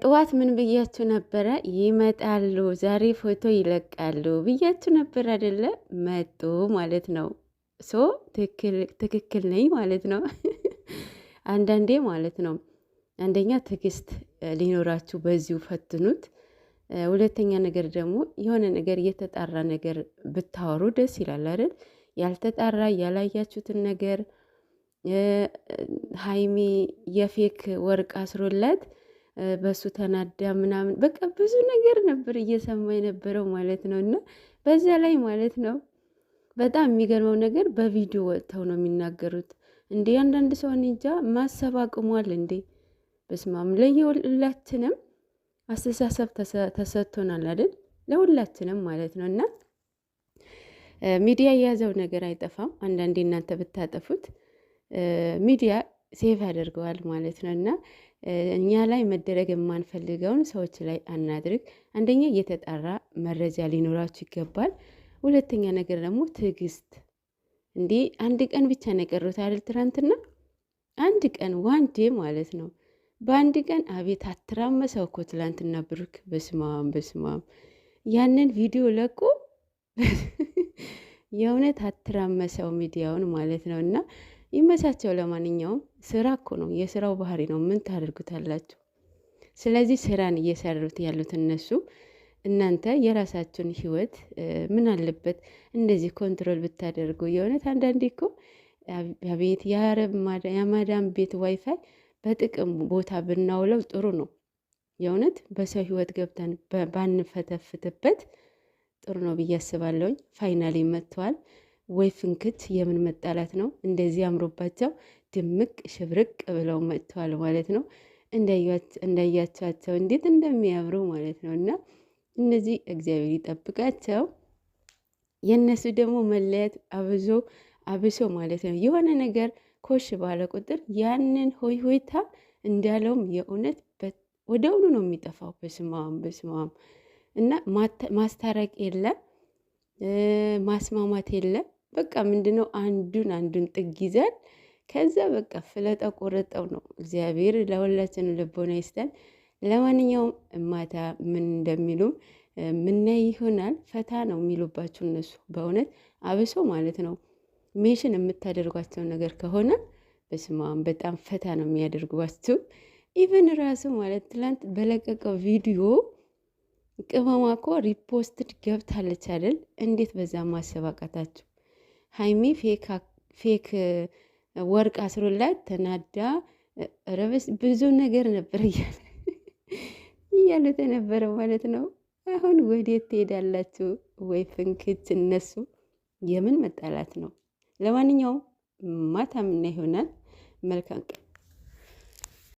ጥዋት ምን ብያችሁ ነበረ? ይመጣሉ ዛሬ ፎቶ ይለቃሉ ብያችሁ ነበር አይደለ? መጡ ማለት ነው። ሶ ትክክል ነኝ ማለት ነው። አንዳንዴ ማለት ነው አንደኛ ትዕግስት ሊኖራችሁ በዚሁ ፈትኑት። ሁለተኛ ነገር ደግሞ የሆነ ነገር የተጣራ ነገር ብታወሩ ደስ ይላል አይደል? ያልተጣራ ያላያችሁትን ነገር ሀይሚ የፌክ ወርቅ አስሮላት በሱ ተናዳ ምናምን በቃ ብዙ ነገር ነበር እየሰማ የነበረው ማለት ነው። እና በዛ ላይ ማለት ነው በጣም የሚገርመው ነገር በቪዲዮ ወጥተው ነው የሚናገሩት። እንዴ አንዳንድ ሰው እንጃ ማሰብ አቅሟል እንዴ! በስማም ለየሁላችንም አስተሳሰብ ተሰጥቶናል አይደል? ለሁላችንም ማለት ነው። እና ሚዲያ የያዘው ነገር አይጠፋም። አንዳንዴ እናንተ ብታጠፉት ሚዲያ ሴቭ ያደርገዋል ማለት ነው እና እኛ ላይ መደረግ የማንፈልገውን ሰዎች ላይ አናድርግ። አንደኛ የተጣራ መረጃ ሊኖራችሁ ይገባል። ሁለተኛ ነገር ደግሞ ትዕግስት። እንዲህ አንድ ቀን ብቻ ነው የቀሩት አይደል? ትናንትና አንድ ቀን ዋንዴ ማለት ነው። በአንድ ቀን አቤት አትራመሰው እኮ ትላንትና ብሩክ፣ በስማም በስማም፣ ያንን ቪዲዮ ለቁ የእውነት አትራመሰው ሚዲያውን ማለት ነው እና ይመቻቸው። ለማንኛውም ስራ እኮ ነው፣ የስራው ባህሪ ነው። ምን ታደርጉታላችሁ? ስለዚህ ስራን እየሰሩት ያሉት እነሱ እናንተ የራሳችሁን ህይወት ምን አለበት እንደዚህ ኮንትሮል ብታደርጉ። የእውነት አንዳንዴ እኮ ቤት የአረብ የማዳም ቤት ዋይፋይ በጥቅም ቦታ ብናውለው ጥሩ ነው። የእውነት በሰው ህይወት ገብተን ባንፈተፍትበት ጥሩ ነው ብዬ አስባለሁኝ። ፋይናሊ መጥተዋል። ወይ ፍንክች የምን መጣላት ነው? እንደዚህ አምሮባቸው ድምቅ ሽብርቅ ብለው መጥተዋል ማለት ነው። እንዳያቸዋቸው እንዴት እንደሚያምሩ ማለት ነው። እና እነዚህ እግዚአብሔር ይጠብቃቸው። የእነሱ ደግሞ መለያት አብዞ አብሶ ማለት ነው። የሆነ ነገር ኮሽ ባለ ቁጥር ያንን ሆይ ሆይታ እንዳለውም የእውነት ወደውኑ ነው የሚጠፋው። በስማም በስማም እና ማስታረቅ የለም ማስማማት የለም። በቃ ምንድነው አንዱን አንዱን ጥግ ይዘን ከዛ በቃ ፍለጠ ቆረጠው ነው። እግዚአብሔር ለሁላችን ልቦና ይስጠን። ለማንኛውም ማታ ምን እንደሚሉ ምናይ ይሆናል። ፈታ ነው የሚሉባቸው እነሱ በእውነት አብሶ ማለት ነው። ሜሽን የምታደርጓቸው ነገር ከሆነ በስማም በጣም ፈታ ነው የሚያደርጓቸው። ኢቨን ራሱ ማለት ትላንት በለቀቀው ቪዲዮ ቅመማ እኮ ሪፖስትድ ገብታለች አይደል? እንዴት በዛ ማሰብ ሀይሚ ፌክ ወርቅ አስሮላት ተናዳ ረበስ ብዙ ነገር ነበር እያለ እያሉት የነበረው ማለት ነው። አሁን ወዴት ትሄዳላችሁ? ወይ ፍንክች እነሱ የምን መጣላት ነው? ለማንኛውም ማታ ምና ይሆናል። መልካም ቀን